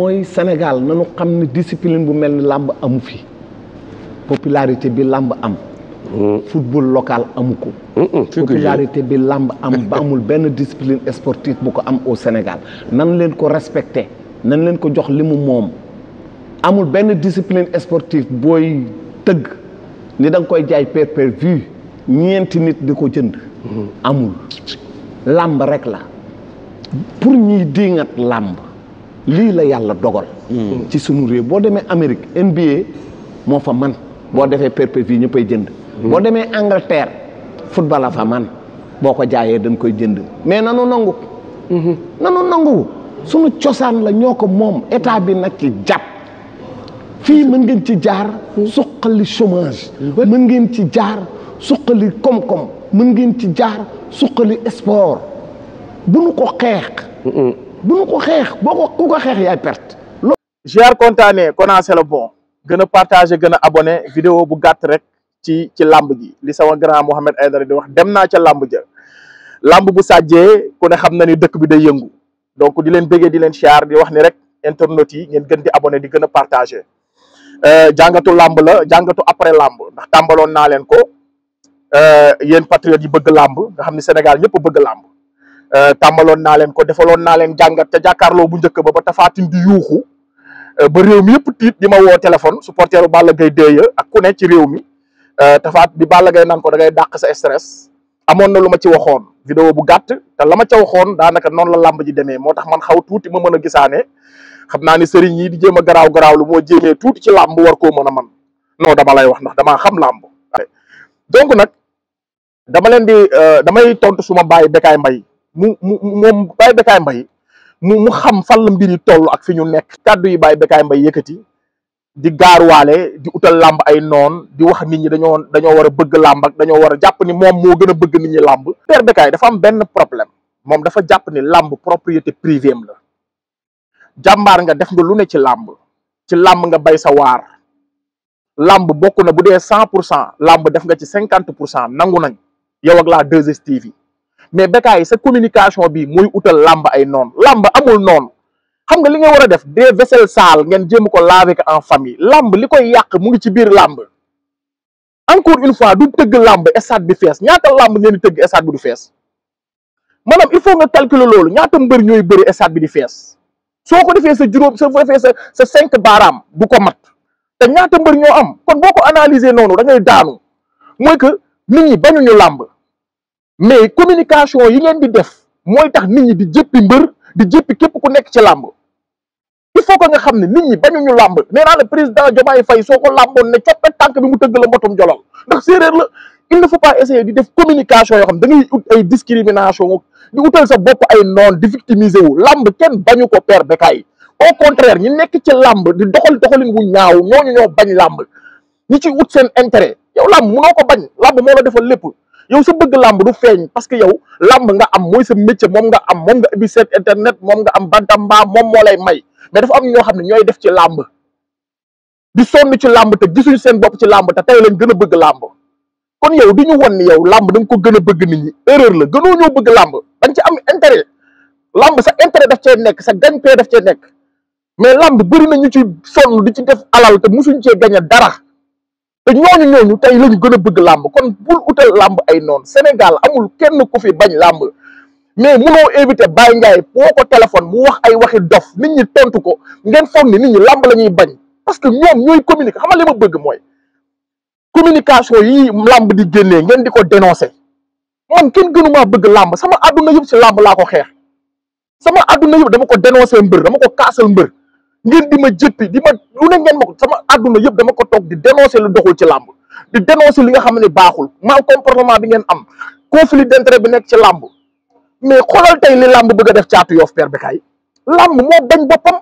mooy Sénégal nanu xam ne discipline bu mel ni làmb amu fi popularité bi làmb am hmm. football local amu ko hmm, hmm, popularité bi làmb am ba amul benn discipline sportive bu ko am au Sénégal nan leen ko respecté nan leen ko jox li mu moom amul benn discipline sportive booy tëgg ni da koy jaay per per vue ñeenti nit di ko jënd amul làmb rek la pour ñiy diingat làmb lii la yàlla dogal. Hmm. ci sunu réew boo demee Amérique NBA moo fa man boo defee perpe perpétué ñëppay jënd. Hmm. boo demee Angleterre football la fa man boo ko jaayee dañ koy jënd mais nanu nangu. Hmm. nanu nangu sunu cosaan la ñoo ko moom état bi nag ci jàpp. fii mën ngeen ci jaar suqali chômage mën ngeen ci jaar suqali koom-koom mën ngeen ci jaar suqali sport bu nu ko xeex bu ñu ko xeex boo ko xeex yaay perte. GR kontaanee Kona c'est le bon gën a partagé gën a abonné vidéo bu gàtt rek ci ci làmb ji li sama grand Mouhamed Aidara di wax dem naa ca làmb ja lamb bu sàjjee ku ne xam na ni dëkk bi day yëngu donc di leen bëggee di leen siyaar di wax ni rek internautes yi ngeen gën di abonné di gën a partagé euh, jàngatu làmb la jàngatu après lamb ndax tàmbaloon naa leen ko euh, yéen patriotes yi bëgg làmb nga xam ni Sénégal ñëpp bëgg làmb Eh, tamalon na len ko defalon na len jangat ta jakarlo bu ndeuk ba ba di yuxu eh, ba rew mi yep tit di wo telephone supporteru Balla gay deye ya ak ku ne ci rew mi eh, tafat bi Balla gay nan ko dagay dak sa stress amon na luma ci waxoon video bu gatt ta lama ci ca waxoon daanaka la lamb ji demee motax man xaw tuti ma meuna xamna ni serigne yi di jema graw graw lu moo jeme tuti ci lamb war ko meuna man non dama lay wax ndax dama xam lamb donc nak dama len di damay tontu suma baye bekay Mbaye mu mu moom Baye Bécaye Mbaye mu mu xam fan la mbir yi toll ak fi ñu nekk. kàddu yi Baye Bécaye mbay yëkkati di gaaruwaale di utal làmb ay noon di wax nit ñi dañoo dañoo war a bëgg làmb dañoo war a jàpp ni moom moo gën a bëgg nit ñi làmb. Père Bécaye am benn problème moom dafa jàpp ni làmb propriété privée la jàmbaar nga def nga lu ne ci làmb ci làmb nga bay sa waar làmb bokk na bu dee cent pour cent làmb def nga ci cinquante pour cent nangu nañ yow ak la 2STV. mais Bécaye sa communication bi muy utal làmb ay noonu làmb amul noon xam nga li nga war a def des vaisselle sale ngeen jéem ko laver en famille làmb li koy yàq mu ngi ci biir làmb encore une fois du tëgg làmb stade bi fees ñaata làmb ngeen di tëgg stade bi du fees maanaam il faut nga calculer loolu ñaata mbër ñooy bëri stade bi di fees soo ko defee sa juróom soo defee sa sa cinq baaraam du ko mat te ñaata mbër ñoo am kon boo ko analyser noonu da ngay daanu mooy que làmb mais communication yi ngeen di def moy tax nit ñi di jëppi mbeur di jëppi képp ku nekk ci lamb il faut que nga xamni nit ñi bañuñu làmb nee naa le président Diomaye fay soko ko làmboon ne coppe tànk bi mu teug la motum jolal ndax séeréer la il ne faut pas essayer di def communication yo xam da ngay ut ay discrimination di utal sa bopp ay non di victimiser wu làmb kenn bañu ko père Bécaye au contraire ñi nekk ci lamb di doxal doxalin wu ñaaw ñooñu ñoo bañ lamb ñi ci ut sen intérêt yow làmb mëno ko bañ lamb mo la defal lepp yow sa bëgg lamb du feñ parce que yow lamb nga am moy sa métier mom nga am mom nga ubi set internet mom nga am bantamba mom mo lay may mais dafa am ñoo xamni ñoy def ci lamb di sonn ci lamb te gisuñ seen bop ci lamb te tay lañu gëna bëgg lamb kon yow di won ni yow lamb ko gëna bëgg nit ñi erreur la gëno ñoo bëgg lamb dañ ci am intérêt lamb sa intérêt daf ci nekk sa gagne pee daf ci nekk mais lamb bari na ñu ci sonn di ci def alal te musuñ ci gagne dara te ñooñu ñooñu tey la ñu gën a bëgg làmb kon bul utal làmb ay noon Sénégal amul kenn ku fi bañ làmb mais munoo éviter Baye Ndiaye boo ko téléphone mu wax ay waxi dof nit ñi tontu ko ngeen foog ni nit ñi làmb la ñuy bañ parce que ñoom ñooy communiquer xamal li ma bëgg mooy communication yi làmb di génnee ngeen di ko dénoncer man kenn gënumaa bëgg làmb sama àdduna yëpp si làmb laa ko xeex sama àdduna yëpp dama ko dénoncer mbër dama ko kaasal mbër ngeen di ma jëppi di ma lu ne ngeen ma ko sama àdduna yëpp dama ko toog di dénoncer lu doxul ci làmb di dénoncer li nga xam ne baaxul mal comportement bi ngeen am conflit d'intérêt bi nekk ci làmb mais xoolal tey li làmb bëgg def caatu yoof per bi Bécaye làmb moo bañ boppam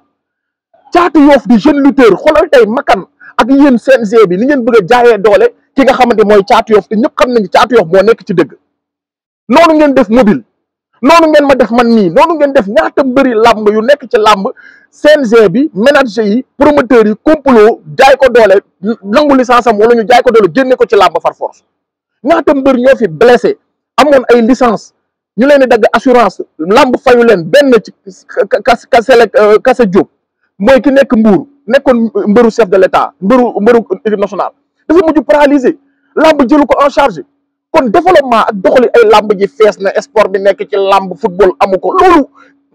caatu yoof di jeune lutteur xoolal tey makan ak yéen CNG bi ni ngeen bëgg a jaayee doole ki nga xamante mooy caatu yoof te ñëpp xam nañu caatu yoof moo nekk ci dëgg noonu ngeen def mobile noonu ngeen ma def man nii noonu ngeen def ñaata mbëri làmb yu nekk ci làmb CNG bi manager yi promoteur yi complot jaay ko doole nangu licence am wala ñu jaay ko doole génne ko ci làmb far force ñaata mbër ñoo fi blessé amoon ay licence ñu leen di dagg assurance làmb fayu leen benn ci kas kasele kase euh, Diop mooy ki nekk Mbour nekkoon mbëru chef de l' état mbëru mbëru équipe nationale dafa mujj paralysé làmb jëlu ko en chargé kon développement ak doxali ay lamb ji sport football amuko lolu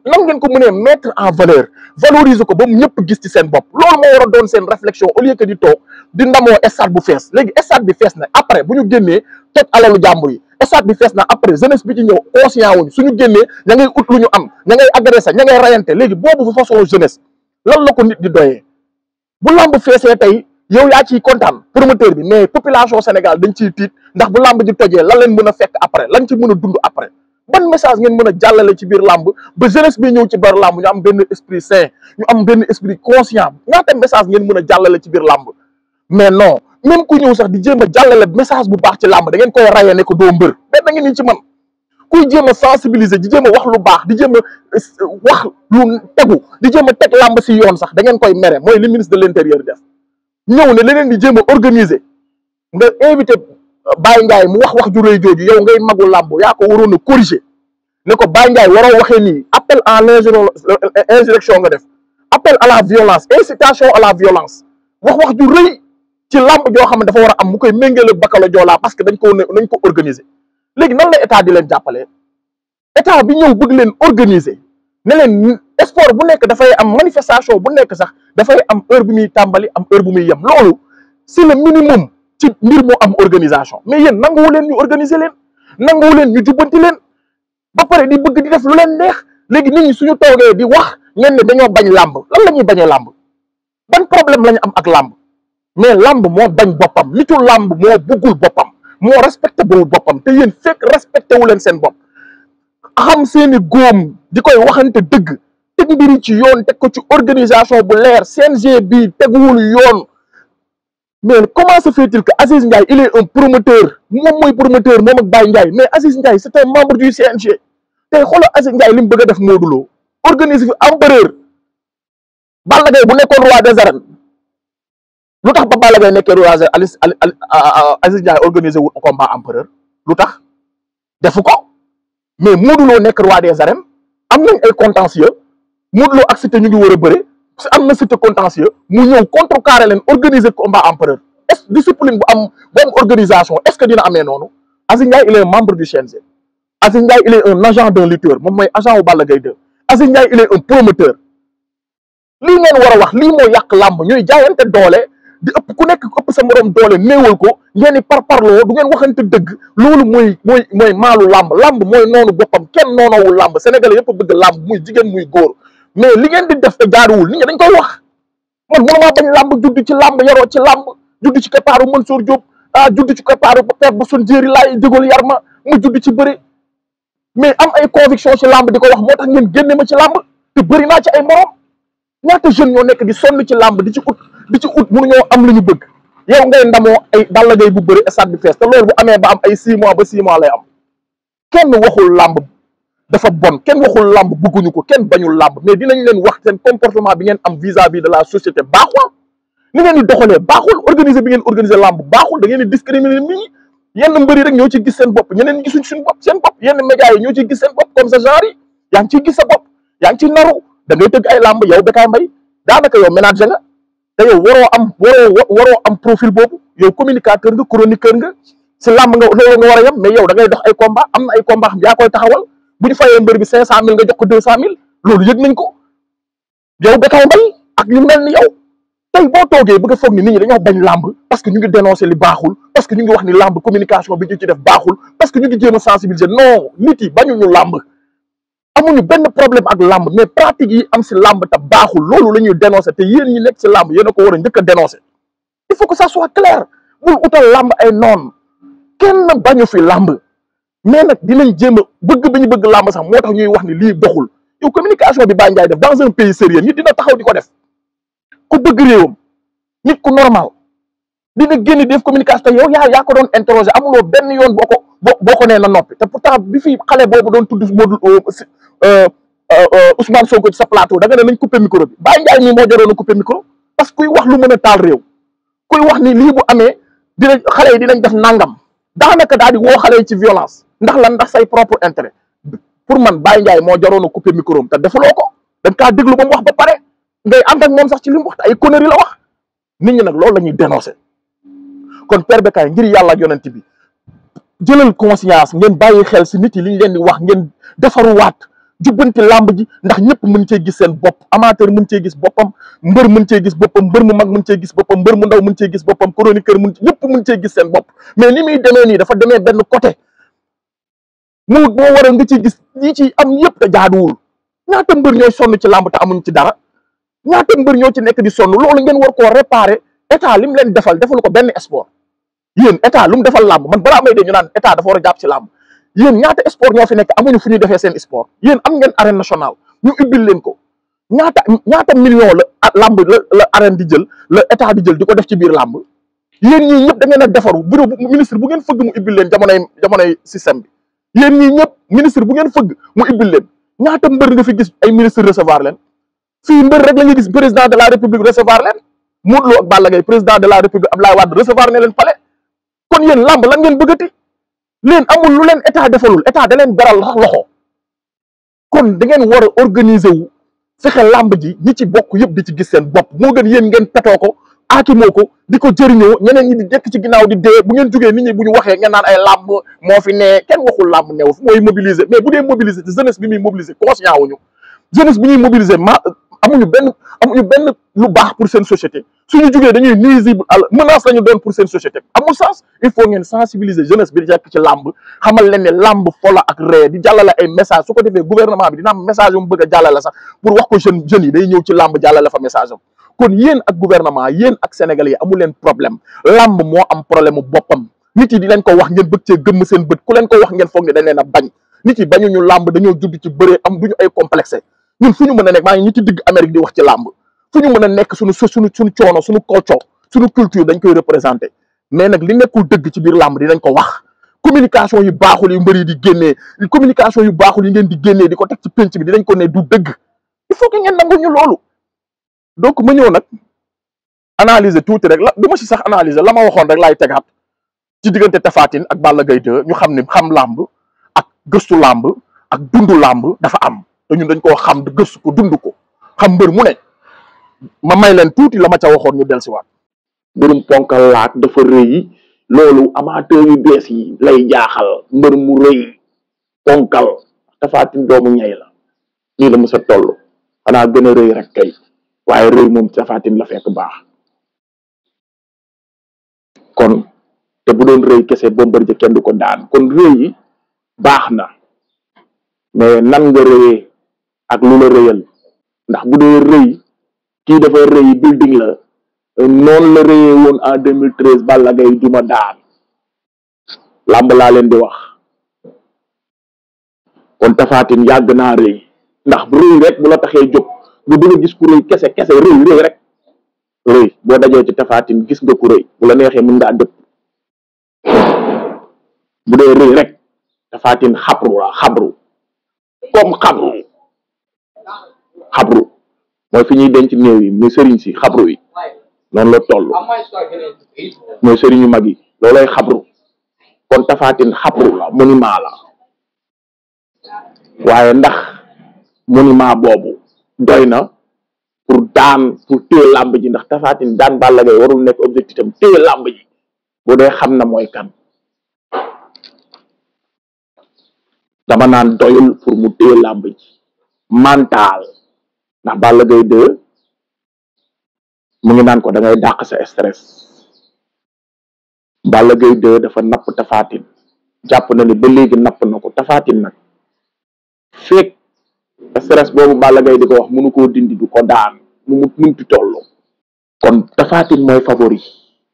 nan ngeen ko mettre en valeur valoriser ko nous mu gis ci sen bop lolu mo wara doon réflexion au lieu que di toog di nous stade bu fess légui stade bi fess na après nous ñu génnee alalu jàmbur yi stade bi fess na après jeunesse bi ci ñew conscient wuñ suñu génnee Nous ngay ut am ngay ngay légui une façon jeunesse lan la ko nit di doyé bu lamb yow ya ci contane promoteur bi mais population Sénégal dañ ci tit ndax bu lamb ji tojee lan leen mëna fekk après lañ ci mëna dund après ban message ngeen mëna jallalé ci bir lamb ba jeunesse bi ñew ci bar lamb ñu am ben esprit sain ñu am ben esprit conscient ñata message ngeen mëna jallalé ci bir lamb mais non même ku ñew sax di jëma jallalé message bu baax ci lamb da ngeen koy rayé ne ko doo mbër benn ngeen ni ci man ku jëma sensibiliser di jëma wax lu baax di jëma eh, wax lu tegu di jëma tek lamb ci yoon sax da ngeen koy méré moy le ministre de l'intérieur def ñëw ne leneen di jéem organiser nga invité Baye Ndiaye mu wax wax ju rëy jooju yow ngay magu làmb yaa ko waroon a corriger ne ko Baye Ndiaye waroo waxee nii appel à l'insurrection nga def appel à la violence incitation à la violence wax wax ju rëy ci làmb joo xam ne dafa war a am mu koy méngale ak Joola parce que dañ ko nañ ko organiser léegi nan la état di leen jàppale état bi ñëw bëgg leen organiser ne leen sport bu nekk dafay am manifestation bu nekk sax dafay am heure bu muy tàmbali am heure bu muy yem loolu c'est le minimum ci mbir moo am organisation mais yéen nanguwu leen ñu organiser leen nanguwu leen ñu jubbanti leen ba pare di bëgg di def lu leen neex léegi nit ñi suñu toogee di wax ñeen ne dañoo bañ làmb lan la ñuy bañee làmb ban problème la ñu am ak làmb mais làmb moo bañ boppam nitu làmb moo buggul boppam moo respecté bul boppam te yéen fekk respecté wu leen seen bopp xam seeni góom di koy waxante dëgg teg mbiri ci yoon teg ko ci organisation bu leer CNG bi teguwul yoon mais comment se fait-il que Aziz Ndiaye il est un promoteur moom mooy promoteur moom ak Baye Ndiaye mais Aziz Ndiaye c'est un membre du CNG tey xoolal Aziz Ndiaye li mu def Modou Lo organise fi empereur Balla Gaye bu nekkoon roi des arènes lu tax ba Balla Gaye nekkee roi des arènes Aziz Ndiaye organise wu combat empereur lu tax defu ko mais Modou Lo nekk roi des arènes am nañ ay contentieux Modou Lo ak Siteu ñu ngi war a bëre am na Siteu contentieux mu ñëw contrecarrer leen organiser combat empereur est discipline bu am bu am organisation est ce que dina amee noonu Aziz Ndiaye il est membre du CNG Aziz Ndiaye il est un agent d'un lutteur moom mooy agent wu Balla Gaye 2 Aziz Ndiaye il est un promoteur lii ngeen war a wax lii moo yàq làmb ñuy jaayante doole di ëpp ku nekk ëpp sa morom doole néewal ko ngeen di parparloo du ngeen waxante dëgg loolu mooy mooy mooy maalu làmb làmb mooy noonu boppam kenn noonowul làmb sénégalais yëpp bëgg làmb muy jigéen muy góor mais li ngeen di def te jaaruwul nit ñi dañ koy wax man maa bañ lamb judd ci làmb yaroo ci làmb judd ci keppaaru Mansour Diop ah judd ci keppaaru Pep bu sun jéeri laay jégal yar ma ma judd ci bëri mais am ay conviction ci lamb di ko wax moo tax ngeen génne ma ci làmb te bëri naa ci ay morom ñaata jeunes ñoo nekk di sonn ci làmb di ci ut di ci ut mënuñoo am lu ñu bëgg yow ngay ndamoo ay Balla bu bëri stade bi fees te loolu bu amee ba am ay six mois ba six mois lay am kenn waxul làmb dafa bon kenn waxul lamb bëgguñu ko kenn bañul lamb mais dinañ leen wax seen comportement bi ngeen am vis à de la société baaxul ni ngeen di doxalee baaxul organiser bi ngeen organiser làmb baaxul da ngeen di discriminer nit ñi yenn mbëri rek ñoo ci gis seen bopp ñeneen ñi gisuñ suñu bopp seen bopp yenn médias yi ñoo ci gis seen bopp comme ça genre yaa ngi ciy gis sa bopp yaa ngi ciy naru da ngay tëgg ay làmb yow Bécaye Mbaye daanaka yow ménager nga te yow waroo am waroo waroo am profil boobu communicateur nga chroniqueur nga si làmb nga nga a yem mais yow da ngay dox ay combat am ay combat yaa koy taxawal bu ñu fayee mbër bi cinq cent mille nga jox ko deux cent mille loolu yëg nañ ko yow Bécaye Mbaye ak ñu mel ni yow tey boo toogee bëgg a foog ni nit ñi dañoo bañ làmb parce que ñu ngi dénoncer li baaxul parce que ñu ngi wax ni làmb communication bi ñu ci def baaxul parce que ñu ngi jéem a sensibiliser non nit yi bañuñu làmb amuñu benn problème ak làmb mais pratique yi am si làmb tam baaxul loolu la ñuy dénoncer te yéen ñi nekk si làmb yéen ko war a njëkk a dénoncer il faut que ça soit clair bul utal làmb ay noon kenn bañu fi làmb mais nag di leen jéem bëgg bi ñu bëgg làmb sax moo tax ñuy wax ni lii doxul yow communication bi Baye Ndiaye def dans un pays sérieux nit dina taxaw di ko def ku bëgg réewam nit ku normal dina génn def communication te yow yaa yaa ko doon interroger amuloo benn yoon boo ko boo ko nee na noppi te pourtant bi fi xale boobu doon tudd Modou euh, euh, euh, Ousmane Sonko ci sa plateau da nga ne nañ couper micro bi Baye Ndiaye mii moo jaroon a couper micro parce que kuy wax lu mën a taal réew kuy wax ni lii bu amee dinañ xale yi dinañ def nangam daanaka daal di woo xale ci violence. ndax lan ndax say propre intérêt pour man Baye ndjay mo jarono couper micro ta te ko dañ ka deglu bam wax ba paré ngay and ak mom sax ci lim wax ay conneries la wax nit ñi nak loolu lañuy dénoncer kon Père bekay ngir yalla ak yonent bi jëlal conscience ngeen bàyyi xel ci nit yi liñ leen di wax ngeen wat jubbanti lamb ji ndax ñepp mën ci gis seen bop amateur mën ci gis bopam mbeur mën ci gis bopam mbeur mu mag mën ci gis bopam mbeur mu ndaw mën ci gis bopam chroniqueur mën ñepp mën ci gis seen bop mais ni démé ni dafa démé ben côté mu moo waral nga ciy gis lii ci am yëpp te ñaata mbër ñooy sonn ci làmb amuñ ci dara ñaata mbër ñoo ci nekk di sonn loolu ngeen war koo réparer état lim leen defal defal ko benn sport yéen état lu mu defal làmb man balaa may dee ñu naan état dafa war a jàpp ci làmb yéen ñaata sport ñoo fi nekk amuñu fu ñuy defee seen sport yéen am ngeen arène nationale ñu ubbil leen ko ñaata ñaata million la ah, làmb la la arène di jël la état di jël di ko def ci biir làmb yéen ñii ñëpp da ngeen a defaru bureau ministre bu ngeen fëgg mu ubbil leen jamonoy jamonoy système bi yéen ñii ñëpp ministre bu ngeen fëgg mu ibbil leen ñaata mbër nga fi gis ay ministre recevoir leen fii mbër rek la ñuy gis président de la république recevoir leen Modou Lo ak Balla Gaye président de la république Abdoulaye Wade recevoir ne leen palais kon yéen làmb lan ngeen bëggati leen amul lu leen état defalul état da leen beral rax loxo kon da ngeen war organiser wu fexe làmb ji ñi ci bokk yëpp di ci gis seen bopp moo gën yéen ngeen petoo ko aakimoo ko di ko jëriñoo ñeneen ñi di dekk ci ginnaaw di dee bu ngeen jugee nit ñi bu naan ay làmb moo fi ken kenn waxul làmb neew fi mooy mais bu dee mobiliser te jeunesse bi muy mobiliser conscient wuñu jeunesse bi ñuy amuñu benn amuñu benn lu baax pour sen société suñu jugé dañuy nuisible à menace lañu doon pour sen société amu sens il faut ngén sensibiliser jeunesse bi di jàkk ci lamb xamal leen ne làmb fola ak ré di jàllale ay message suko défé gouvernement bi dina am message yu bëgg a sax pour wax ko jeune jeune yi day ñëw ci lamb jàllale fa message kon yeen ak gouvernement yeen ak sénégalais yi amul leen problème lamb mo am problème bopam nit yi di leen ko wax ngeen bëgg ci gëm sen bëtt ku leen ko wax ngeen foog ne dañ leen a bañ nit yi ñu lamb dañu jubbi ci bëree am duñu ay complexé ñun fu ñu mën a nekk maa ngi ñu ci digg Amérique di wax ci làmb fu ñu mën a nekk suñu suñu suñu coono suñu koccoo suñu culture dañ koy représenté mais nag li nekkul dëgg ci biir làmb dinañ ko wax communication yu baaxul yu mbëri di génnee communication yu baaxul yi ngeen di génnee di ko teg ci penc bi dinañ ko nee du dëgg il faut que ngeen nangu ñu loolu donc ma ñëw nag analyser tuuti rek la du ma si sax analyser la ma waxoon rek laay tegaat ci diggante Tafatine ak Balla Gaye ñu xam ne xam làmb ak gëstu làmb ak dundu làmb dafa am te ñun dañ koo xam gëstu ko dund ko xam mbër mu ne ma may leen tuuti la ma ca waxoon ñu dellusiwaat. mbirum ponkal laat dafa rëy loolu amateur yu bees yi lay jaaxal mbër mu rëy ponkal tafaatin doomu ñay la nii la mës a toll xanaa gën a rëy rek kay waaye rëy moom tafaatin la fekk baax kon te bu doon rëy kese Bombardier kenn du ko daan kon rëy baax na mais nan nga rëyee ak lu la rëyal ndax bu dee rëy kii dafa rëy building la noonu la rëyee woon en 2013 Balla Gaye duma daan làmb laa leen di wax kon tafaatin yàgg naa rëy ndax rëy rek bu la taxee jóg nga bëgg gis ku rëy kese kese rëy rek rëy boo dajee ci tafaatin gis nga ku bu la neexee mën ngaa dëpp bu dee rëy rek tafaatin xabru la xabru comme xabru xabru mooy fi ñuy denc néew yi mais sëriñ si xabru yi noonu la toll mooy sëriñu mag yi loolooy xabru kon tafaatin xabru la monument la waaye ndax monument boobu doy na pour daan pour téye làmb ji ndax tafaatin daan Balla Gaye warul nekk objectif tam téye làmb ji bu dee xam na mooy kan dama naan doyul pour mu téel làmb ji mental ndax Balla Gaye 2 mu ngi naan ko da ngay dàq sa stress Balla Gaye dë dafa napp tafaatin jàpp na ni ba léegi napp na ko tafaatin nag fekk stress boobu Balla Gaye di ko wax mënu koo dindi du ko daan mu mu munti toll kon tafaatin mooy favori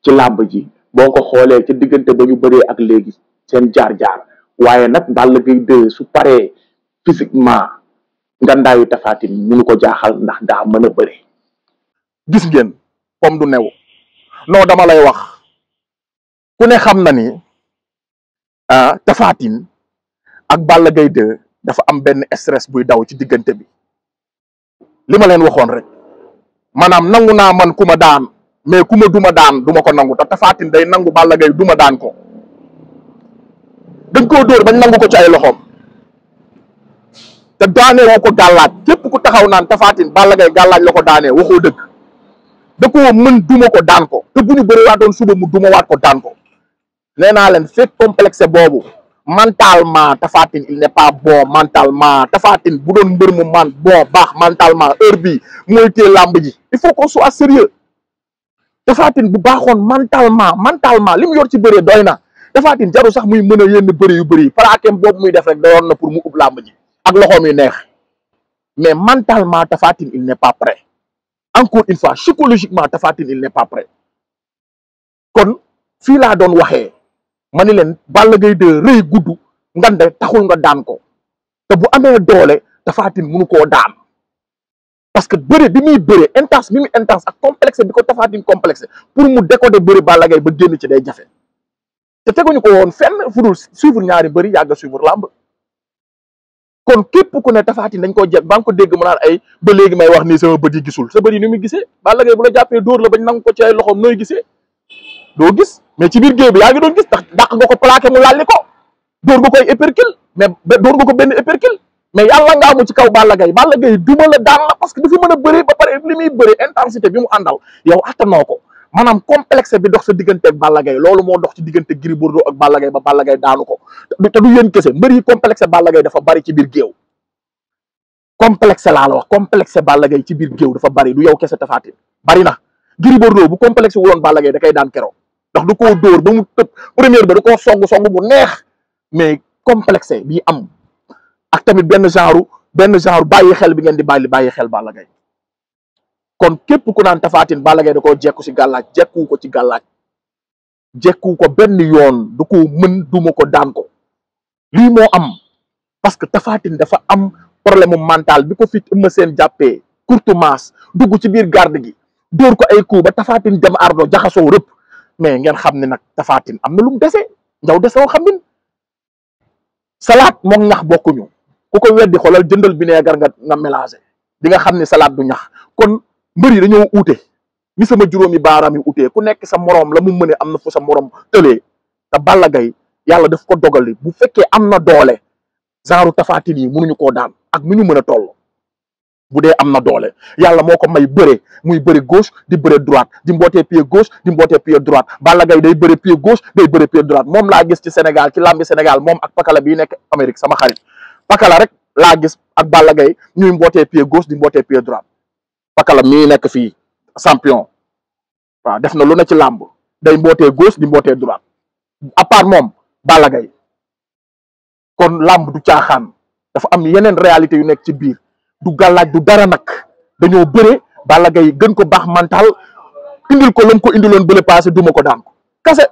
ci làmb ji boo ko xoolee ci diggante ba ñu bëree ak léegi seen jaar-jaar waaye nag Balla Gaye 2 su paree physiquement ngandaayu tafaatin munu ko jaaxal ndax daa mën a bëre gis ngeen Pomme du New non dama lay wax ku ne xam na ni ah, a tafaatin ak Balla Gaye 2 dafa am benn stress buy daw ci diggante bi li ma leen waxoon rek maanaam nangu naa man ku ma daan mais ku ma duma daan duma ko nangu ta tafaatin day nangu Balla Gaye duma daan ko dañ koo dóor bañ nangu ko ci ay loxoom te daane woko galat kep ku taxaw naan tafaatin Balla gay galaj lako daane waxo deug dëgg da koo mën duma ko daan ko te beure wa bëriwaatoon suba mu duma wat ko daan ko len complexe bobu mentalement il n'est pas bon mentalement tafaatin bu doon mbeur mu man bon bax mentalement heure bi moy téye lamb ji il faut qu'on soit sérieux tafaatin bu baxone mentalement mentalement lim yor ci beure doyna na tafaatin jaru sax muy meuna yenn beure yu bobu muy def rek na pour mu ub lamb ji ak loxoom yu neex mais mentalement Tapha Tine il n'est pas prêt encore une fois psychologiquement Tapha Tine il n'est pas prêt kon fii laa doon waxee ma ni leen Balla Gaye de rëy gudd ngande taxul nga daan ko te bu amee doole Tapha Tine mënu koo daan parce que bëre bi muy bëre intense bi muy intense ak complexe bi ko Tapha Tine complexe pour mu décoder bëre Balla Gaye ba génn ci day jafe te teguñu ko woon fenn fu dul suivre ñaari bëri yàgg suivre làmb kon képp ku ne Tapha Tine dañ koo jekk ba nga ko dégg mu naan ay ba léegi may wax nii sama bët yi gisul sa bët yi ni muy gisee Balla Gaye bu la jàppee dóor la bañ nangu ko ci ay loxoom nooy gisee doo gis mais ci biir géew bi yaa ngi doon gis ndax dàq nga ko plaqué mu lalli ko dóor nga koy épercule mais dóor nga ko benn épercule mais yàlla nga amu ci kaw Balla Gaye Balla Gaye duma la daan la parce que dafa mën a bëree ba pare li muy bëree intensité bi mu àndal yow attanoo ko maanaam complexe bi dox sa diggante ak Balla loolu moo dox ci diggante Gris Bordeaux ak Balla Gaye ba Balla daanu ko te du yéen kese mbër yi complexe Balla dafa bari ci biir géew complexe laa la wax complexe Balla Gaye ci biir géew dafa bari du yow kese Tapha Tine bari na Gris Bordeaux bu complexe wuloon Balla Gaye da daan keroog ndax du koo dóor ba mu tëb première ba da koo song song bu neex mais complexe bi am ak tamit benn genre benn genre bàyyi xel bi ngeen di bàyyi bàyyi xel Balla kon képp ku naan tafaatin Balla Gaye da koo jekku si gàllaaj jekku ko ci gàllaaj jekku ko benn yoon du ko mën duma ko daan ko lii moo am parce que tafaatin dafa am problème mental bi ko fit ëmma seen jàppee courte masse dugg ci biir garde gi dóor ko ay coup ba tafaatin dem ardo jaxasoo rëpp mais ngeen xam ne nag tafaatin am na lu mu dese njaw desoo xamin salaat moom ñax bokkuñu ku ko weddi xoolal jëndal bineegar nga nga mélangé di nga xam ne salaat du ñax kon mbër yi dañoo uute ni sama juróomi baaraam yi uutee ku nekk sa moroom la mu mëne am na fu sa moroom tëlee te Balla Gaye yàlla def ko dogali bu fekkee am na doole genre tafaatin yi mënuñu koo daan ak nu ñu mën a toll bu dee am na doole yàlla moo ko may bëre muy bëre gauche di bëre droite di mbootee pied gauche di mbootee pied droite Balla Gaye day bëre pied gauche day bëre pied droite moom laa gis ci Sénégal ci làmbi Sénégal moom ak pakala bi nekk Amérique sama xarit pakala rek laa gis ak Balla Gaye mbootee pied gauche di mbootee pied droite pakala mi nek fi champion wa def na lu ne ci lamb day mboté gauche di mboté droite à part mom balagay kon lamb du tiaxan dafa am yenen réalité yu nek ci bir du galaj du dara nak balagay gën ko bax mental indil ko lam ko indilon bële passé duma ko dank kasse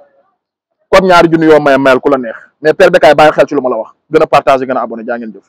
kon ñaar juñu yo may mel kula neex mais père kay baye xel ci luma la wax gëna partager gëna abonné def